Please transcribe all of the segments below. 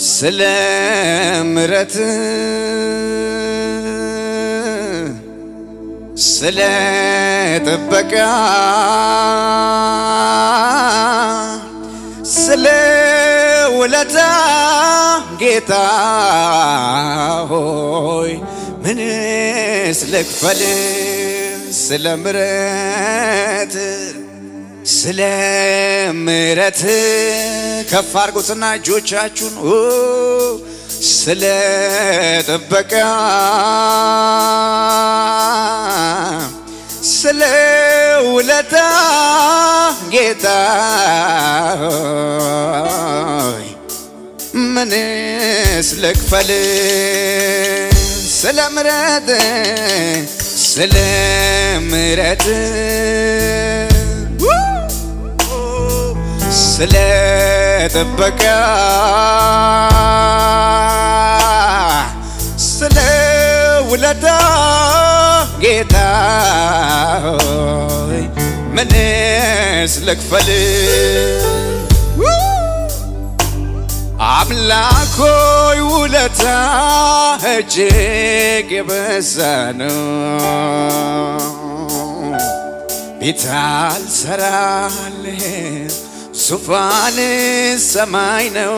سلام رت سلام بكا سلام ولتا جيتا هوي من اسلك فل سلام رت سلام رتن ከፍ አድርጉትና እጆቻችሁን ስለጠበቀ ጥበቃ ስለ ውለታ ጌታ ምንስ ልክፈል ስለ ምረት ስለ ምረት ስለ ጥበቃ ስለ ውለታ ጌታ ምንስ ልክፈል አምላኮይ ውለታ እጅግ የበዛ ነው። ቤት አልሰራልህም ዙፋን ሰማይ ነው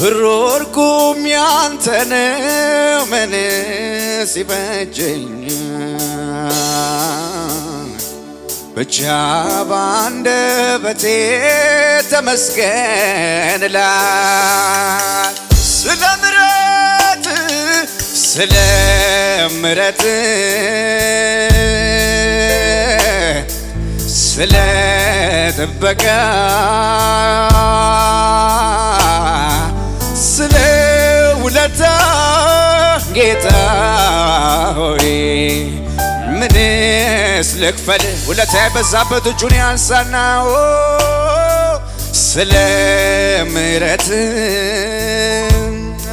ብሮርኩም ያንተ ነው ምንስ ይበጀኛል ብቻ ባንደበቴ ተመስገን እላለሁ ስለ ምሕረት ስለ ምሕረት ስለ ጥበቃ ስለ ውለታ ጌታ ሆይ ምንስ ልክፈል? ውለታ የበዛበት እጁን ያንሳና ስለ ምሕረት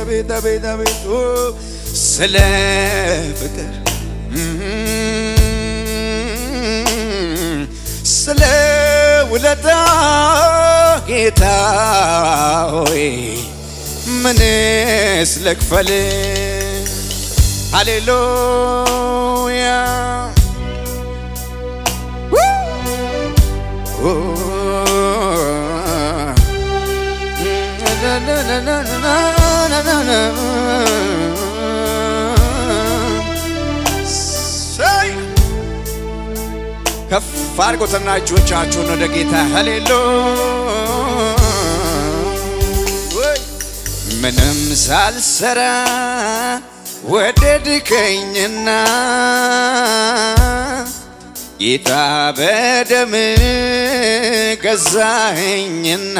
አቤት አቤት አቤት ስለ ፍቅር ውለታ ጌታ ሆይ ምንስ ልክፈል? ሃሌሉያ ና ከፍ አድርጎትና እጆቻችሁን ወደ ጌታ ሀሌሎ ምንም ሳልሰራ ወደድከኝና ጌታ በደም ገዛኸኝና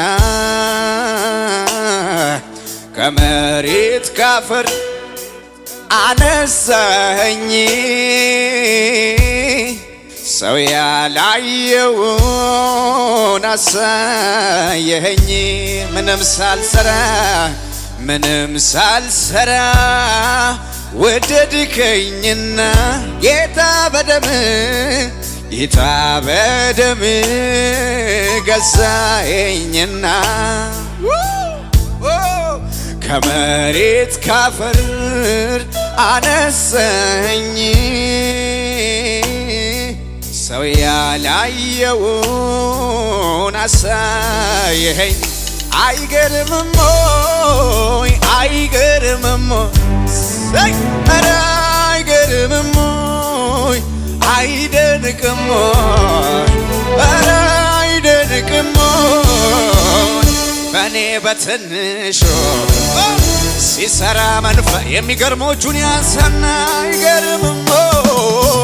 ከመሬት ካፈር አነሳኸኝ ሰው ያላየውን አሳየኸኝ ምንም ሳልሰራ ምንም ሳልሰራ ወደድከኝና ጌታ በደም ጌታ በደም ገዛኸኝና ከመሬት ካፈር አነሰኝ ሰው ያላየውን አሳየኸኝ አይገርምም ወይ አይገርምም ወይ ኧረ አይገርምም ወይ አይደንቅም ወይ ኧረ አይደንቅም ወይ በእኔ በትንሹ ሲሰራ መንፈ የሚገርሞቹን ያንሳና አይገርምም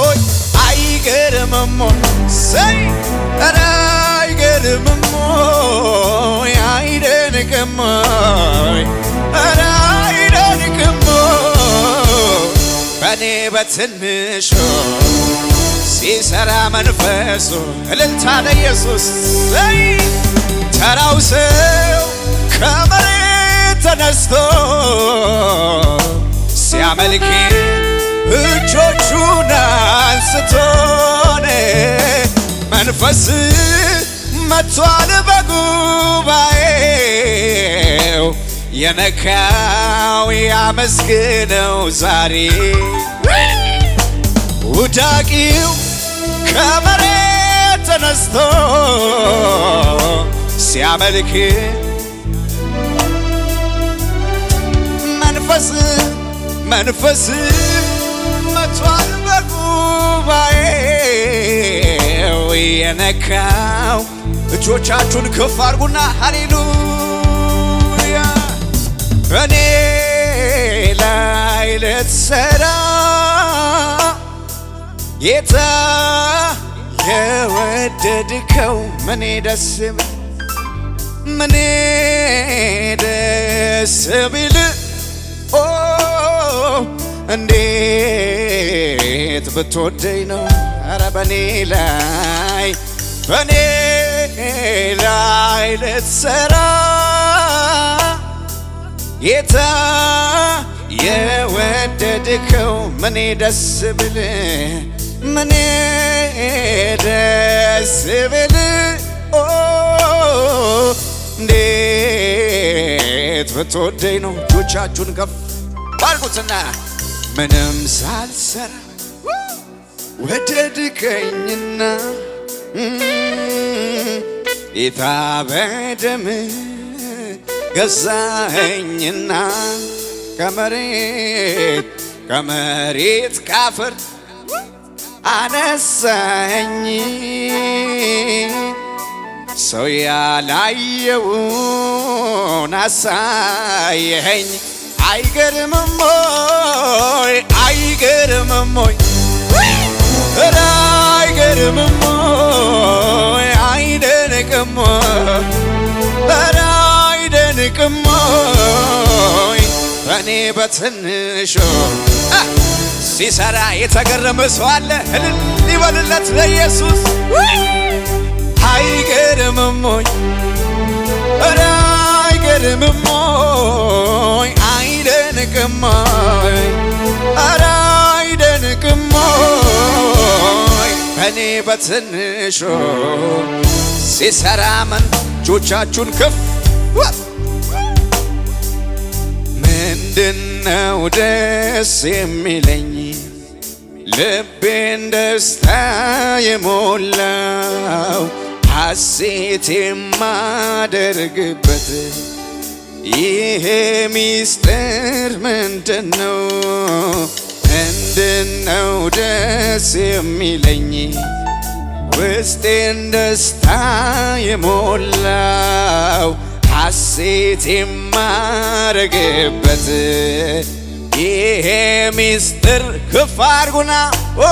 ወይ እሰይ ኧረ አይገርምም ወይ አይደንቅም ወይ ኧረ አይደንቅም በእኔ በትንሹ ሲሰራ መንፈሱ እልልታ ለኢየሱስ እሰይ ተራው ሰው ከመሬት ተነስቶ ሲያመልክ እጆቹና መንፈስ መቷል በጉባኤው የነካው ያመስግነው ዛሬ ውዳቂው ከመሬት ተነስቶ ሲያመልክ መንፈስ መንፈስ መቷል የነካው እጆቻችሁን ከፍ አድርጉና ሃሌሉያ እኔ ላይ ልትሰራ ጌታ የወደድከው ምኔ ደስ ምኔ ደስ ቢል እንዴት ብትወደኝ ነው በኔ ላይ በኔ ላይ ልትሰራ ጌታ የወደድከው ምኔ ደስ ብል ምኔ ደስ ብል እንዴት ብትወደኝ ነው እጆቻችሁን ከፍ አድርጉትና ምንም ሳልሰራ ወደድከኝና ጌታ በደም ገዛኸኝና ከመሬት ከመሬት ካፈር አነሳኸኝ ሰው ያላየውን አሳየኸኝ አይገርምም ሆይ ጥቅሞይ እኔ በትንሹ ሲሰራ የተገረመ ሰው አለ። እልል ሊበልለት ለኢየሱስ አይገርምሞኝ ኧረ አይገርምሞኝ አይደንቅሞኝ ኧረ አይደንቅሞኝ እኔ በትንሹ ሲሰራ መንጆቻችሁን ክፍ ምንድነው ደስ የሚለኝ ልቤን ደስታ የሞላው ሐሴት የማደርግበት ይሄ ሚስጥር ምንድነው? ምንድነው ደስ የሚለኝ ውስጤን ደስታ የሞላው ሐሴት የማረግበት ይሄ ሚስጥር ክፋርጉና አርጉና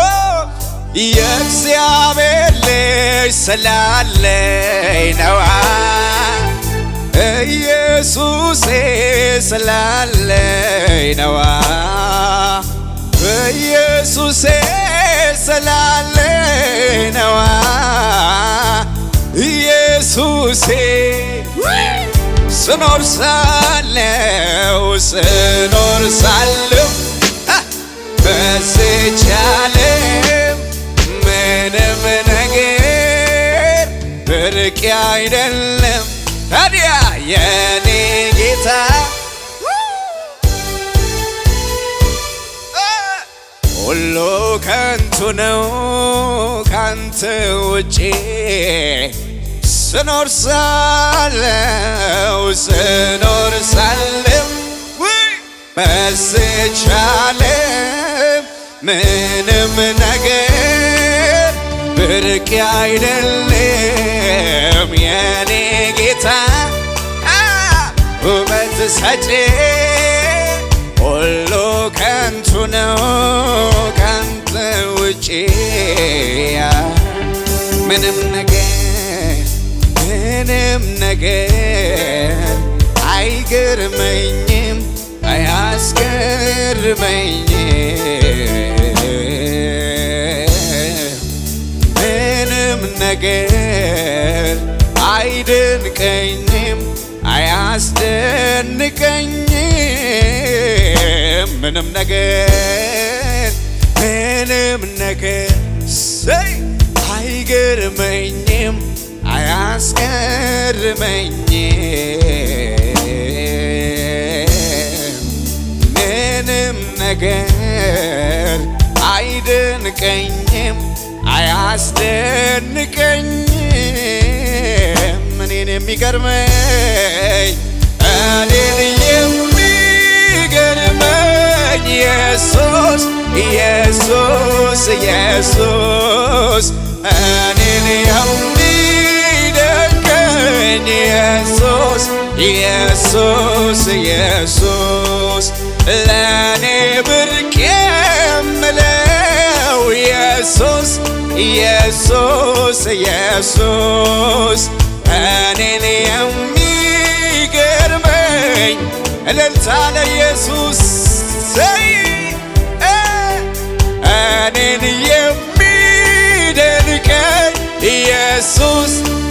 የእግዚአብሔር ልጅ ስላለኝ ነዋ ኢየሱሴ ስላለኝ ነዋ ኢየሱሴ ስላለኝ ነዋ ኢየሱሴ ስኖር ሳለው ስኖር ሳለው በስቻለም ምንም ነገር ብርቅ አይደለም። ታዲያ የኔ ጌታ ሁሉ ከንቱ ነው ካንተ ውጪ ስኖር ሳለው ስኖር ሳለም መስቻለም ምንም ነገር ብርቅ አይደለም የኔ ጌታ ውበት ሰጪ ሁሉ ከንቱ ነው ከንቱ ውጪ ምንም ነገር ምንም ነገር አይገርመኝም አያስገርመኝም ምንም ነገር አይደንቀኝም አያስደንቀኝም ምንም ነገር ምንም ነገር አይገርመኝም አያስቀርመኝ ምንም ነገር አይደንቀኝም አያስደንቀኝም እኔን የሚገርመኝ እኔን የሚገርመኝ ኢየሱስ ኢየሱስ ኢየሱስ እኔን የሚ ኢየሱስ ኢየሱስ ኢየሱስ ለኔ ብርቅ የምለው ኢየሱስ ኢየሱስ ኢየሱስ እኔን የሚገርመኝ እልልታ ለኢየሱስ እኔን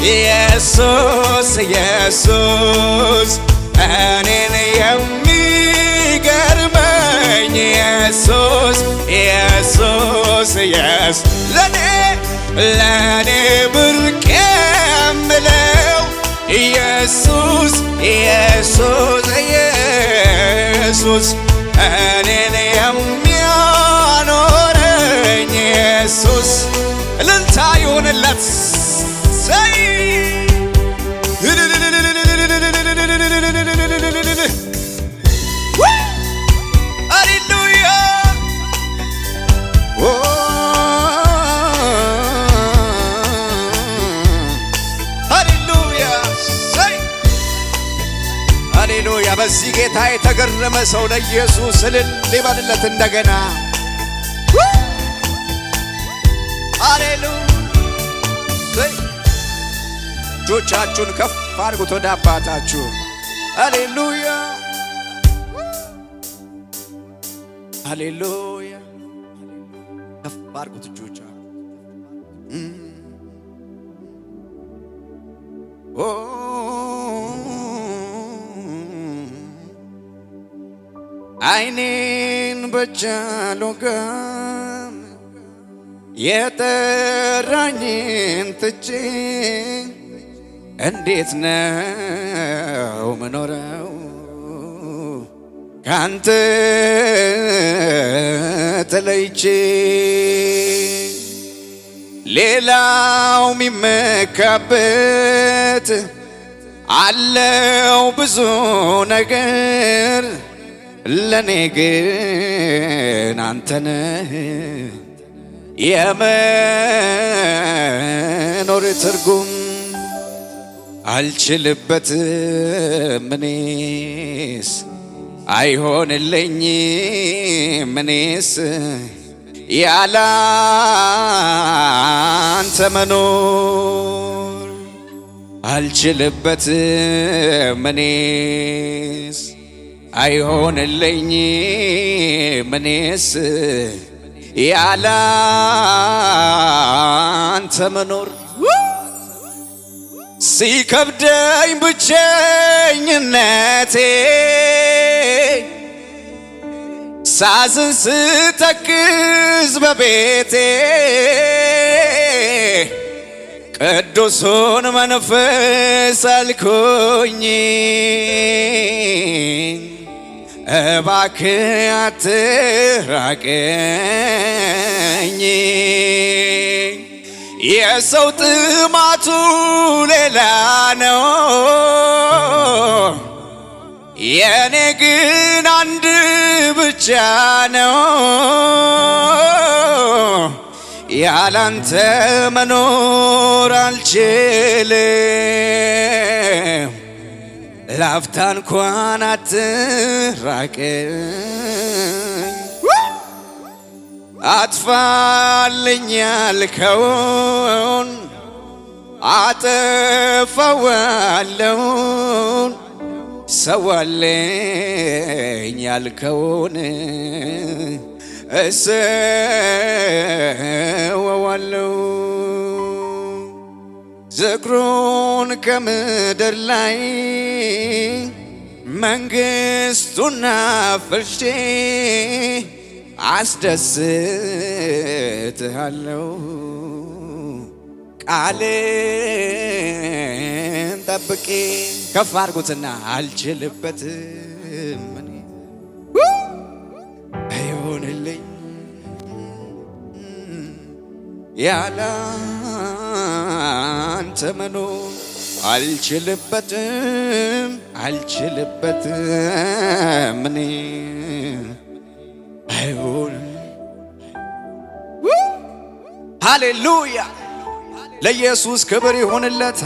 ኢየሱስ ኢየሱስ እኔን የሚገርመኝ ኢየሱስ ኢየሱስ ኢየሱስ ለኔ ለኔ ብርቅ የምለው ኢየሱስ ኢየሱስ ኢየሱስ እኔን የሚያኖረኝ ኢየሱስ እልልታ ይሁንለት ሃሌሉያ! በዚህ ጌታ የተገረመ ሰው ለኢየሱስ እልል ሊበልለት እንደገና ሃሌሉያ እጆቻችሁን ከፍ አድርጉት ወደ አባታችሁ። አሌሉያ አሌሉያ። ከፍ አድርጉት እጆቻችሁ አይኔን በጃሎጋም የጠራኝን ትቼ እንዴት ነው ምኖረው ካንተ ተለይቼ ሌላው ሚመካበት አለው ብዙ ነገር ለኔ ግን አንተነህ የመኖር ትርጉም አልችልበትም እኔስ አይሆንልኝም እኔስ ያለ አንተ መኖር አልችልበትም እኔስ አይሆንልኝም እኔስ ያለ አንተ መኖር ሲከብደኝ ብቸኝነቴ ሳዝን ስተክዝ በቤቴ ቅዱሱን መንፈስ አልኩኝ እባክህ አትራቀኝ የሰው ጥማቱ ሌላ ነው፣ የኔ ግን አንድ ብቻ ነው። ያላንተ መኖር አልችልም፣ ላፍታ እንኳን አትራቅም። አጥፋልኝ ያልከውን አጥፈዋለውን ሰዋልኝ ያልከውን እሰወዋለው ዝክሩን ከምድር ላይ መንግስቱና ፍርሼ አስደስትሃለሁ ቃሌን ጠብቄ ከፍ አድርጉትና አልችልበትም ይሆንልኝ ያለ መኖር አልችልበትም አልችልበትም እኔ ሃሌሉያ! ለኢየሱስ ክብር ይሁንለት።